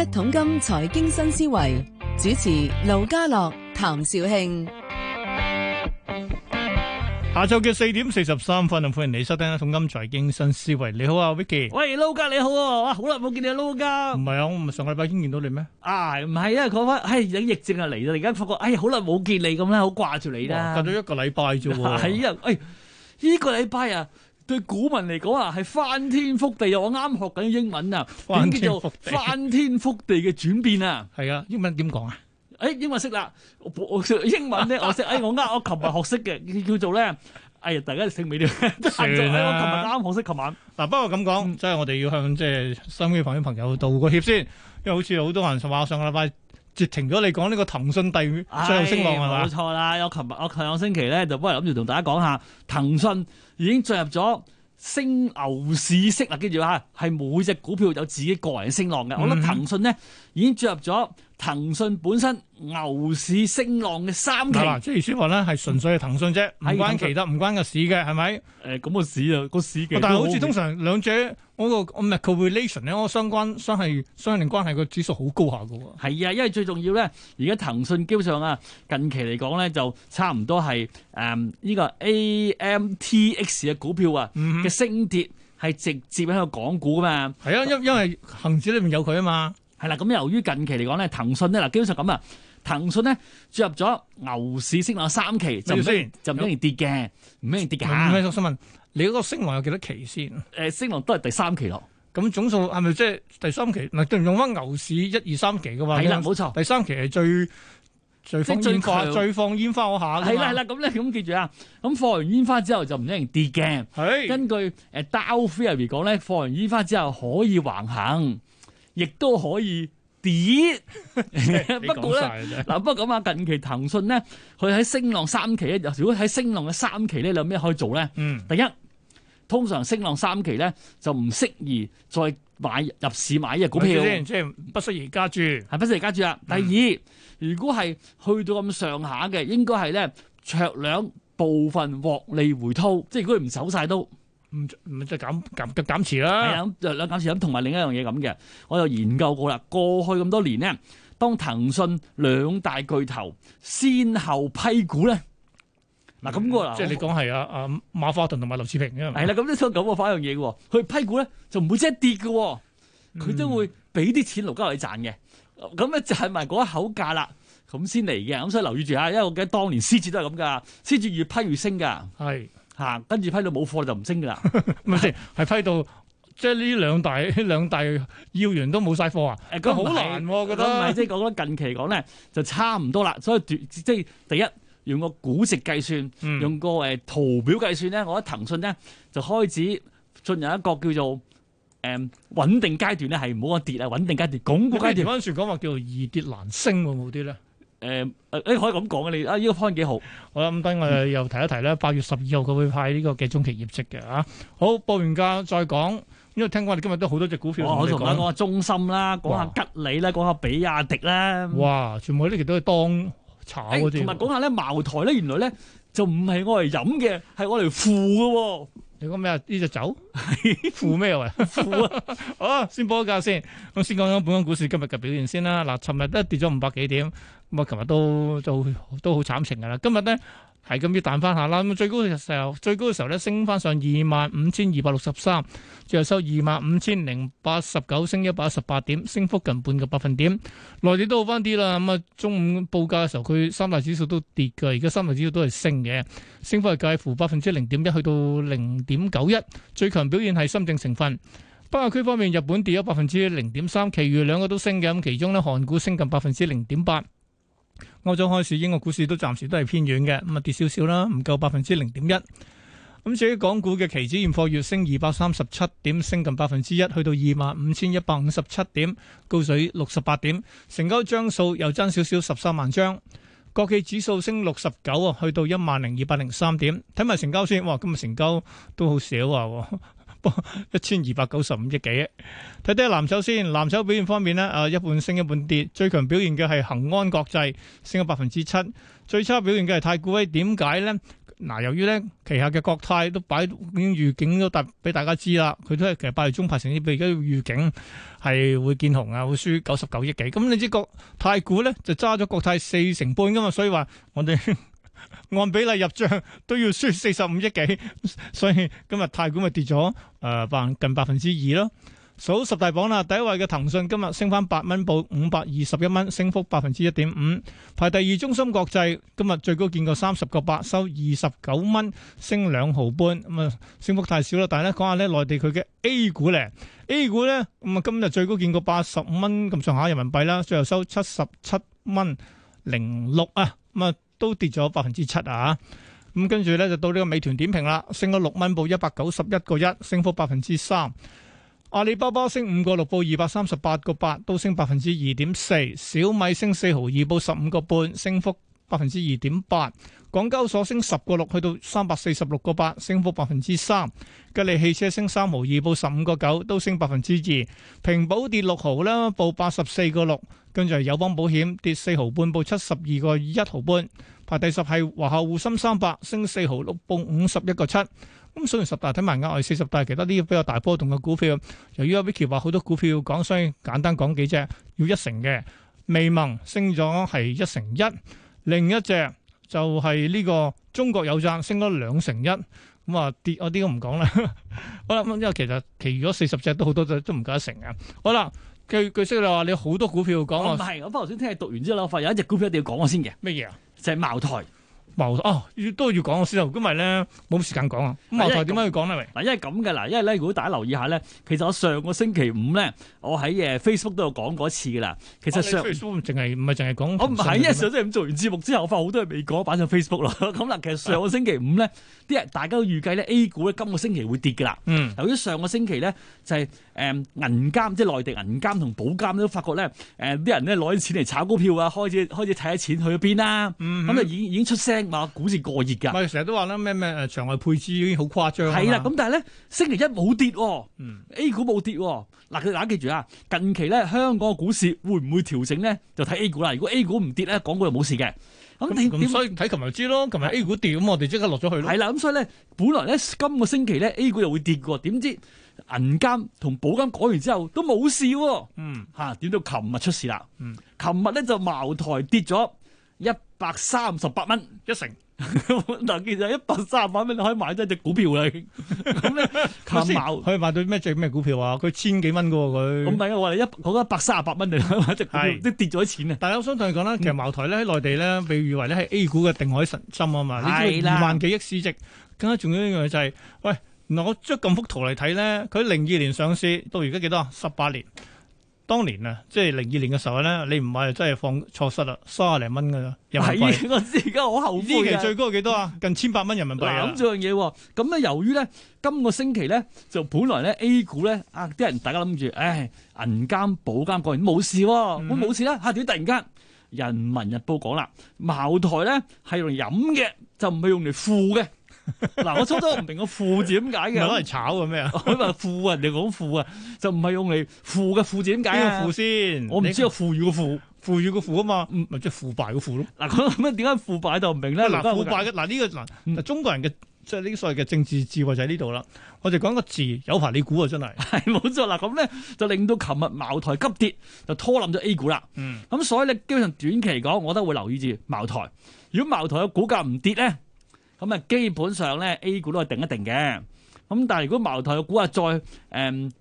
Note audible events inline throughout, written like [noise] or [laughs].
一桶金財經新思維主持盧嘉樂、譚紹興，下晝嘅四點四十三分，歡迎你收聽《一桶金財經新思維》。你好啊，Vicky。喂，盧家你好啊,你家啊,你啊,啊,你你啊，哇，好耐冇見你啦，盧家。唔係啊，我唔係上個禮拜已經見到你咩？啊，唔係啊，講返，哎，有疫症啊，嚟到而家發覺，哎，好耐冇見你咁啦，好掛住你啦，隔咗一個禮拜啫喎。係啊，哎，呢個禮拜啊。對股民嚟講啊，係翻天覆地啊！我啱學緊英文啊，點叫做翻天覆地嘅轉變啊！係啊，英文點講啊？誒、哎，英文識啦，我我，我英文咧，我識誒、 [laughs] 哎，我啱我琴日學識嘅，叫做咧，哎，大家醒唔醒啲？算啦，我琴日啱學識，琴晚嗱。不過咁講，即、嗯、係、就是、我哋要向即係身邊朋友道個歉先，因為好似好多人話我上個禮拜截停咗你講呢個騰訊第二再有升浪係嘛？冇錯啦，我琴日我上個星期咧就不如諗住同大家講下騰訊。騰訊已經進入咗升牛市式啦，跟住啊，係每隻股票有自己個人升浪嘅。我覺得騰訊呢已經進入咗。騰訊本身牛市升浪嘅三期，係啦，即係舒雲咧，係純粹係騰訊啫，唔關其他，唔、嗯、關個市嘅，係咪？誒，咁個市啊，個市嘅。但係好似通常兩者嗰、那個，唔係 correlation 咧，嗰個相關、相係、相聯關係個指數好高下嘅喎。係啊，因為最重要咧，而家騰訊基本上啊，近期嚟講咧就差唔多係誒，呢、嗯呢個 AMTX 嘅股票啊嘅、嗯、升跌係直接喺個港股噶嘛。係、嗯、啊，因為因為恒指裏面有佢啊嘛。係啦，咁由於近期嚟講咧，騰訊咧，嗱，基本上咁啊，騰訊咧進入咗牛市升浪三期，等等就唔一定就唔一定跌嘅，唔一定跌嘅。我想問你嗰個升浪有幾多期先？誒、呃，升浪都係第三期咯。咁總數係咪即係第三期？唔係，用翻牛市一二三期噶嘛？係啦，冇錯，第三期係最最放煙花、最放煙花嗰下。係啦係啦，咁咧咁記住啊，咁放完煙花之後就唔一定跌嘅。係根據誒 Dow Theory 講咧，放完煙花之後可以橫行。亦都可以跌， [laughs] 說完 [laughs] 不過咧呢嗱，不過咁啊，近期騰訊咧，佢喺升浪三期咧，如果喺升浪嘅三期咧，你有咩可以做咧？嗯，第一，通常升浪三期咧就唔適宜再買入市買嘅股票，即、嗯、係不適宜加注，係不適宜加注啊。第二，嗯、如果係去到咁上下嘅，應該係咧酌量部分獲利回吐，即係如果佢唔走晒都。唔唔就減減減減持啦，係咁兩減持咁，同埋另一樣嘢咁嘅，我又研究過啦、嗯。過去咁多年呢，當騰訊兩大巨頭先後批股咧，嗱、嗯、咁、那個即係你講係啊啊馬化騰同埋劉熾平啊，係啦，咁都咁講翻一樣嘢嘅，佢批股咧就唔會即係跌嘅，佢都會俾啲錢盧嘉偉賺嘅，咁、嗯、咧就係埋嗰一口價啦，咁先嚟嘅。咁所以留意住啊，因為我記得當年獅子都係咁噶，獅子越批越升噶，係。行跟住批到冇貨就唔升噶啦，咪先係批到即係呢兩大兩大要員都冇晒貨啊！誒、啊，佢好難，喎。覺得咪即係講得近期嚟講咧，就差唔多啦。所以即係、就是、第一用個估值計算，嗯、用個誒圖表計算咧，我覺得騰訊咧就開始進入一個叫做誒穩定階段咧，係唔好咁跌啊，穩定階段、鞏固階段。反轉講話叫做易跌難升喎，冇啲咧。誒、呃、誒，你可以咁講嘅你啊，呢個 point 幾好。好啦，咁等我哋又提一提咧，八月十二號佢會派呢個嘅中期業績嘅吓。好，報完價再講，因為聽講你今日都好多隻股票。我同大家講下中芯啦，講下吉利啦，講下、那個、比亞迪啦。哇，全部呢啲都係當炒嘅，同埋講下咧茅台咧，原來咧就唔係我嚟飲嘅，係我嚟付嘅。你講咩 [laughs] 什麼 [laughs] 負啊？呢隻酒？係負咩喎？負啊！哦，先播一價先。咁先講講本港股市今日嘅表現先啦。嗱，尋日都跌咗五百幾點，咁啊，尋日都都都好慘情噶啦。今日咧。係咁要彈翻下啦，咁最高嘅時候，最高嘅時候咧升翻上二萬五千二百六十三，最後收二萬五千零八十九，升一百一十八點，升幅近半個百分點。內地都好翻啲啦，咁啊中午報價嘅時候，佢三大指數都跌㗎，而家三大指數都係升嘅，升幅係介乎百分之零點一，去到零點九一。最強表現係深證成分。北亞區方面，日本跌咗百分之零點三，其餘兩個都升嘅，咁其中咧韓股升近百分之零點八。歐洲開市，英國股市都暫時都係偏軟嘅，咁啊跌少少啦，唔夠百分之零點一。咁至於港股嘅期指現貨，月升二百三十七點，升近百分之一，去到二萬五千一百五十七點，高水六十八點，成交張數又增少少十三萬張。國企指數升六十九啊，去到一萬零二百零三點。睇埋成交先，哇，今日成交都好少啊。一千二百九十五億幾，睇睇藍籌先。藍籌表現方面咧，啊，一半升一半跌。最強表現嘅係恒安國際，升咗百分之七。最差表現嘅係太古威，點解咧？嗱，由於咧，旗下嘅國泰都擺已經預警咗大俾大家知啦，佢都係其實八月中派成績，而家預警係會見紅啊，會輸九十九億幾。咁你知國太古咧，就揸咗國泰四成半噶嘛，所以話我哋。按比例入賬都要輸四十五億幾，所以今日泰股咪跌咗誒，百近百分之二咯。數十大榜啦，第一位嘅騰訊今日升返八蚊，報五百二十一蚊，升幅百分之一點五。排第二，中芯國際今日最高見過三十個八，收二十九蚊，升兩毫半。咁啊，升幅太少啦。但係咧，講下咧，內地佢嘅 A 股咧，A 股咧咁啊，今日最高見過八十五蚊咁上下人民幣啦，最後收七十七蚊零六啊。咁啊～都跌咗百分之七啊！咁、嗯、跟住咧，就到呢個美團點評啦，升咗六蚊，報一百九十一個一，升幅百分之三。阿里巴巴升五個六，報二百三十八個八，都升百分之二點四。小米升四毫二，報十五個半，升幅。百分之二點八，港交所升十個六，去到三百四十六個八，升幅百分之三。吉利汽車升三毫二，報十五個九，都升百分之二。平保跌六毫啦，報八十四個六。跟住友邦保險跌四毫半，報七十二個一毫半。排第十係華夏滬深三百升四毫六，報五十一個七。咁雖然十大睇埋，額外四十大，但係其他啲比較大波動嘅股票，由於阿 Vicky 話好多股票要講，所以簡單講幾隻，要一成嘅，微盟升咗係一成一。另一隻就係呢個中國有贊，升咗兩成一，咁啊跌我啲都唔講啦。好啦，咁因為其實其餘嗰四十隻都好多都都唔夠一成嘅。好啦，據，據悉你話你好多股票要講啊，唔係，我翻頭先聽你讀完之後，我發現有一隻股票一定要講我先嘅。咩嘢啊？就係、是、茅台。哦，越都要講我先啊，今日咧冇時間講啊。咁茅台點解要講呢？嗱，因為咁嘅嗱，因為咧，為如果大家留意下咧，其實我上個星期五咧，我喺誒 Facebook 都有講過一次噶啦。其實上、啊、Facebook 淨係唔係淨係講我唔係，因為上星期五做完節目之後，我發好多嘢未講，擺上 Facebook 啦。咁嗱，其實上個星期五咧，啲大家都預計咧、啊、，A 股今個星期會跌噶啦。嗯。由於上個星期咧就係、是、誒、嗯、銀監，即係內地銀監同保監都發覺咧，誒、呃、啲人咧攞啲錢嚟炒股票啊，開始開始睇下錢去咗邊啦。嗯、嗯。咁啊，已已經出聲。股市過熱噶，咪成日都話咧咩咩誒場外配資已經好誇張。係啦，咁但係咧星期一冇跌、哦，喎、嗯、A 股冇跌、哦。嗱、啊，大家記住啊，近期咧香港嘅股市會唔會調整咧？就睇 A 股啦。如果 A 股唔跌咧，港股又冇事嘅。咁所以睇琴日知道咯，琴日 A 股跌，咁，我哋即刻落咗去。係啦，咁所以咧，本來咧今個星期咧 A 股又會跌喎。點知銀監同保監講完之後都冇事。嗯，吓、啊，點到琴日出事啦。嗯，琴日咧就茅台跌咗一。百三十八蚊一成，嗱，其實一百三十八蚊你可以買到隻股票啦，咁咧，茅台可以買到咩最咩股票啊？佢千幾蚊噶喎佢。唔係啊，我係一，我一百三十八蚊就買隻股票，都跌咗啲錢啊！但係我想同你講咧，其實茅台咧喺內地咧，被譽為咧係 A 股嘅定海神針啊嘛，呢啲二萬幾億市值。更加重要一樣嘢就係，喂，嗱，我將咁幅圖嚟睇咧，佢零二年上市到而家幾多？十八年。當年啊，即係零二年嘅時候咧，你唔買就真係放錯失啦，卅零蚊噶啦。係，我而家好後悔的。期最高係幾多啊？近千八蚊人民幣。咁呢樣嘢，咁咧由於咧今個星期咧就本來咧 A 股咧啊啲人大家諗住，唉、哎、銀監保監過完冇事喎、啊，咁、嗯、冇事啦嚇！點突然間《人民日報》講啦，茅台咧係用嚟飲嘅，就唔係用嚟付嘅。嗱、啊，我初初唔明個腐字點解嘅，攞嚟炒嘅咩啊？佢話腐啊，你講腐啊，就唔係用嚟腐嘅腐字點解，這個腐先，我唔知道我負有個富裕個富，富裕個富啊嘛，咪即係腐敗嘅腐咯。嗱咁點解腐敗就唔明咧，啊？腐敗嘅嗱呢個嗱、啊、中國人嘅即係呢啲所謂嘅政治智慧就喺呢度啦。我哋講個字真有排你估啊，真係係冇錯啦。咁咧就令到琴日茅台急跌，就拖冧咗 A 股啦。咁、嗯、所以你基本上短期講，我都會留意住茅台。如果茅台嘅股價唔跌咧？咁啊，基本上咧 A 股都係定一定嘅，咁但係如果茅台嘅股啊再誒，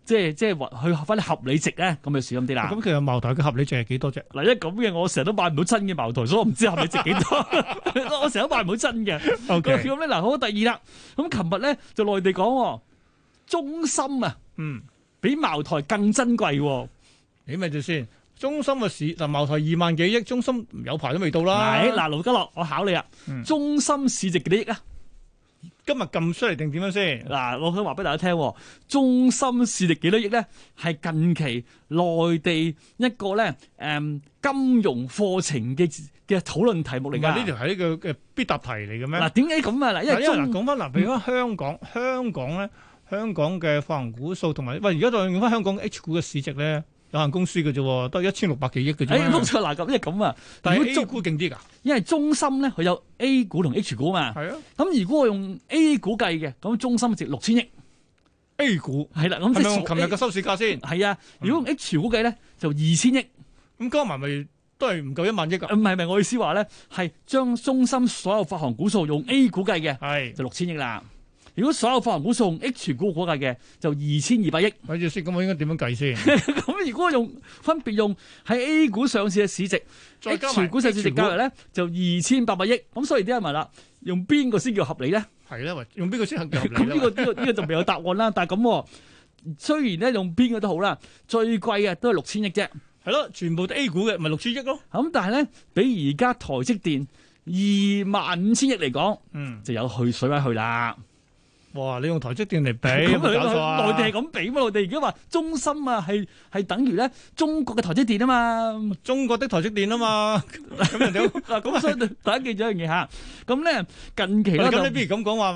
即係即係或去合翻啲合理值咧，咁就小心啲啦。咁其實茅台嘅合理值係幾多啫？嗱，因為咁嘅我成日都買唔到真嘅茅台，所以我唔知合理值幾多。我成日都買唔到真嘅。O K 咁咧，嗱好第二啦。咁琴日咧就內地講，中芯啊，嗯，比茅台更珍貴。你咪住先。中心嘅市嗱，茅台二萬幾億，中心有排都未到啦。係嗱，盧家樂，我考你啊、嗯，中心市值幾多億啊？今日咁出嚟定點樣先？嗱、啊，我想話俾大家聽，中心市值幾多億咧？係近期內地一個咧，誒、嗯，金融課程嘅嘅討論題目嚟噶。呢條係呢個嘅必答題嚟嘅咩？嗱，點解咁啊？嗱，因為嗱，講翻嗱，譬如香港，香港咧，香港嘅發行股數同埋喂，而家再變翻香港 H 股嘅市值咧。有限公司嘅啫，得一千六百幾億嘅。誒、哎，冇、嗯、錯，嗱咁即係咁啊。但如果 A 股勁啲噶，因為中心咧佢有 A 股同 H 股嘛。係啊。咁如果我用 A 股計嘅，咁中心值六千億。A 股係啦，咁即係琴日嘅收市價先。係、嗯、啊，如果用 H 股計咧，就二千億。咁、嗯、加埋咪都係唔夠一萬億噶、啊。唔係，唔係，我意思話咧係將中心所有發行股數用 A 股計嘅，係就六千億啦。如果所有發行股數用 H 股個股價嘅就二千二百億，咪住先。咁我應該點樣計先？咁 [laughs] 如果用分別用喺 A 股上市嘅市值再，H 股上市，市值加埋咧就二千八百億。咁所以啲人問啦，用邊個先叫合理咧？係啦，用邊個先合理？咁 [laughs] 呢、呢個呢、呢個呢、呢個就未有答案啦。但係咁，雖然咧用邊個都好啦，最貴嘅都係六千億啫，係咯，全部都 A 股嘅，咪六千億咯。咁但係咧，比而家台積電二萬五千億嚟講，嗯，就有去水位去啦。哇！你用台積電嚟比咁搞錯啊！內地係咁比嘛，我哋而家話中心啊，係係等於咧中國嘅台積電啊嘛，中國的台積電啊嘛，咁人哋嗱咁所以大家記住一樣嘢吓，咁咧近期咧咁你不如咁講話？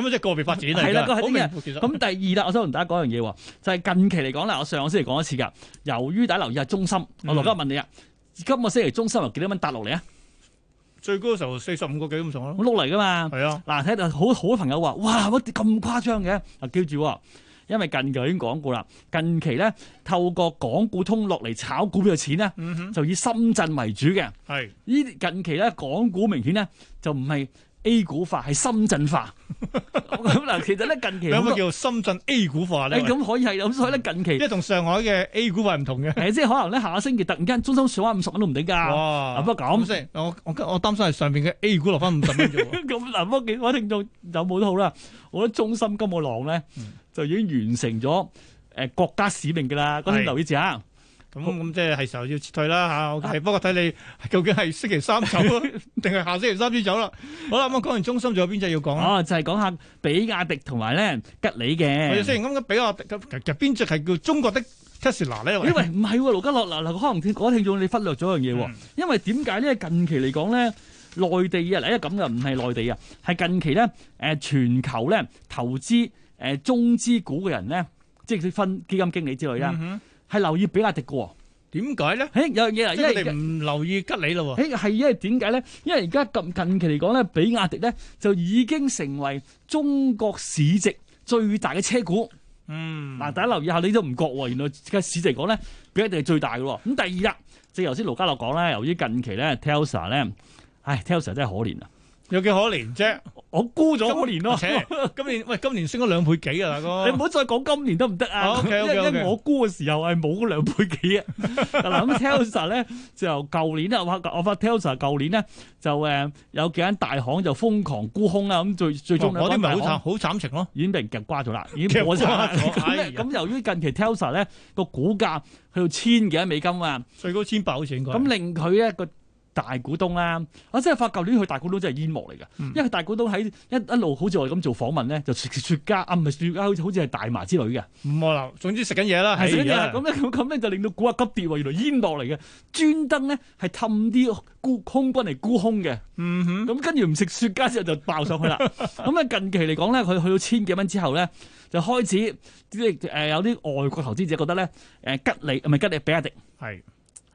咁即係個別發展係啦，咁、好嘅、第二啦，我想同大家講樣嘢喎，就係、係、近期嚟講啦，我上個星期講一次㗎，由於大家留意下中心，我羅生問你啊、嗯，今個星期中心有幾多蚊揼落嚟啊？最高嘅時候四十五個幾咁上咯，我碌嚟㗎嘛。係啊，嗱睇到好好多朋友話，哇！咁誇張嘅？啊，記住，因為近期已經講過啦。近期咧，透過港股通落嚟炒股票嘅錢咧、嗯，就以深圳為主嘅。係，依近期咧，港股明顯咧就唔係。A 股化係深圳化咁嗱，其實咧近期有個叫做深圳 A 股化咧，咁可以係咁，所以咧近期即係同上海嘅 A 股化唔同嘅，係即係可能咧下個星期突然間中心上翻五十蚊都唔定噶。哇！不過咁，我我我擔心係上邊嘅 A 股落翻五十蚊啫。咁嗱，不過我聽到有冇都好啦，我覺得中心今個浪咧就已經完成咗誒國家使命噶啦。嗰陣留意住啊！咁咁即係時候要撤退啦吓，係、okay，啊、不過睇你究竟係星期三走定係 [laughs] 下星期三先走啦。好啦，咁講完中心，仲有邊隻要講咧？哦，就係、是、講下比亞迪同埋咧吉利嘅。係啊，雖然咁嘅比亞迪，其實其實邊隻係叫中國的 Tesla 呢？因為唔係盧家樂嗱嗱，可能我聽眾你忽略咗一樣嘢，因為點解呢？近期嚟講咧，內地啊，嚟一咁噶，唔係內地啊，係近期咧，誒，全球咧投資誒中資股嘅人咧，即係分基金經理之類啦。嗯係留意比亞迪嘅，點解咧？誒、欸，有樣嘢啊，因為唔留意吉利咯。誒、欸，係因為點解咧？因為而家咁近期嚟講咧，比亞迪咧就已經成為中國市值最大嘅車股。嗯，嗱，大家留意下，你都唔覺喎。原來而家市值嚟講咧，比亞迪係最大嘅。咁第二日，即係頭先盧家樂講咧，由於近期咧 Tesla 咧，Tesla, 唉，Tesla 真係可憐啊！有幾可憐啫？我估咗今年咯， [laughs] 今年喂，今年升咗兩倍幾、嗰個、 [laughs] 啊，大、oh, 哥、okay, okay, okay！你唔好再講今年得唔得啊？因為我估嘅時候係冇兩倍幾啊。嗱 [laughs] 咁 Tesla 咧就舊年啊，我發 Tesla 舊年咧就誒有幾間大行就瘋狂沽空啦，咁最最終我啲咪好慘，好慘情咯，已經被人夾瓜咗啦，已經破咗。咁、 [laughs] 哎、 [laughs] 由於近期 Tesla 咧個股價去到千幾美金啊，最高千八好錢咁令佢咧個，大股東啦、啊，我真係發，舊年去大股東真係煙幕嚟嘅，因為大股東喺一一路好似我哋咁做訪問咧，就食雪茄啊，唔係雪茄，好似好似係大麻之類嘅。唔好啦，總之食緊嘢啦，食緊嘢。咁咧、啊，咁咧就令到股價急跌喎，原來煙幕嚟嘅，專登咧係氹啲沽空軍嚟沽空嘅。咁、嗯、跟住唔食雪茄之後就爆上去啦。咁 [laughs] 咧近期嚟講咧，佢去到千幾蚊之後咧，就開始即係誒有啲外國投資者覺得咧，誒吉利唔係吉利，呃、吉利比亞迪係。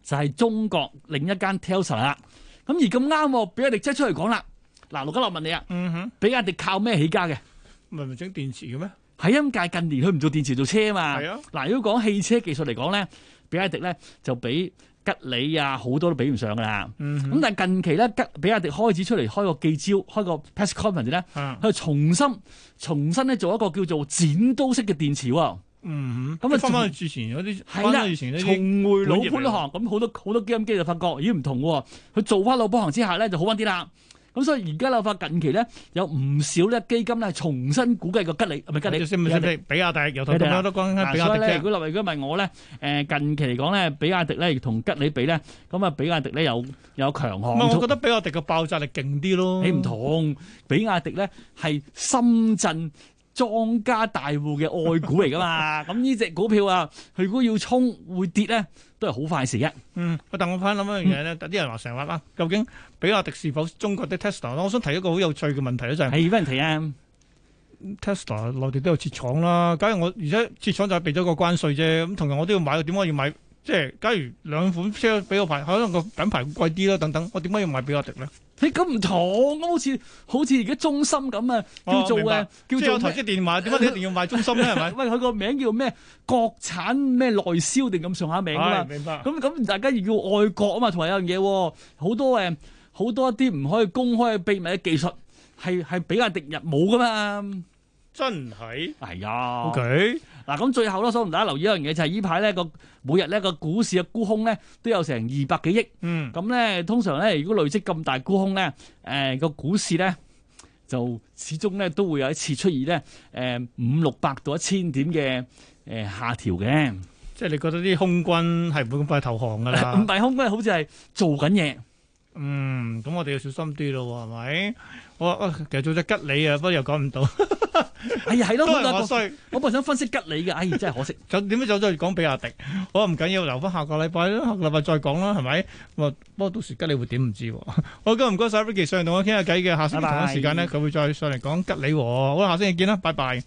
就係、是，中國另一間 Tesla 啦，咁而咁啱比亞迪即出嚟講啦。嗱，盧嘉樂問你啊、嗯，比亞迪靠咩起家嘅？咪咪整電池嘅咩？喺音界近年佢唔做電池做車啊嘛。嗱、啊，如果講汽車技術嚟講咧，比亞迪咧就比吉利啊好多都比唔上㗎啦。咁、嗯、但係近期咧，比亞迪開始出嚟開個記招，開個 press conference 咧，佢重新重新咧做一個叫做剪刀式嘅電池喎。嗯，嗯，咁啊翻翻去之前嗰啲，係啦，重回前老本行，咁好多好多基金機就發覺，咦唔同喎，佢做翻老本行之下咧就好翻啲啦。咁所以而家立法近期咧有唔少咧基金咧重新估計個吉利，唔係吉利。比亞迪，有睇有冇多關？所以咧，如果如果唔係我咧，誒近期嚟講咧，比亞迪咧同迪、啊啊迪啊、呢呢呢迪吉利比咧，咁啊比亞迪咧有有強項。我覺得比亞迪嘅爆炸力勁啲咯。你唔同， [laughs] 比亞迪咧係深圳。莊家大戶嘅愛股嚟噶嘛？咁呢隻股票啊，佢如要衝會跌咧，都係好快的事嘅，啊。嗯，但我突然諗一樣嘢咧，啲，嗯、人話成日啦，究竟比亞迪是否中國的 Tesla？我想提一個好有趣嘅問題咧，就係、是、係乜人提、啊、Tesla 內地都有設廠啦，假如我而家設廠就避咗個關稅啫。咁同樣我都要買，點解要買？即係假如兩款車俾我排，可能個品牌貴啲啦，等等，我點解要買比亞迪咧？你咁唔同，好似好似而家中芯咁啊、哦，叫做誒，叫做台積電話點解你一定要賣中芯咧？係 [laughs] 咪？喂，佢個名叫咩？國產咩內銷定咁上下名啊、哎？明白。咁咁大家要愛國啊嘛，同埋一樣嘢，好多誒，好多一啲唔可以公開嘅秘密嘅技術，係係比較敵人冇噶嘛。真係。係啊！O K。Okay. 嗱，咁最後咧，想同大家留意一樣嘢，就係呢排咧個每日咧個股市嘅沽空咧都有成二百幾億。嗯，咁咧通常咧如果累積咁大沽空咧，誒個股市咧就始終咧都會有一次出現咧誒五六百到一千點嘅誒下調嘅。即係你覺得啲空軍係唔會咁快投降㗎啦？咁 [laughs] 大空軍好似係做緊嘢。嗯，咁我哋要小心啲咯，係咪？我其實做只吉利啊，說不過又講唔到。 [laughs] 哎 [laughs] 呀， [laughs] 係咯， [laughs] 我都話我本來想分析吉利嘅，哎真係可惜。就 [laughs] 點解走咗去講比亞迪，我唔緊要，留翻下個禮拜啦，下個禮拜再講啦，係咪？我不過到時吉利會點唔知道。 [laughs] 好，今日唔該晒，Vicky 上嚟同我傾下偈嘅，下星期同一時間咧，佢會再上嚟講吉利，哦。好啦，下星期見啦，拜拜。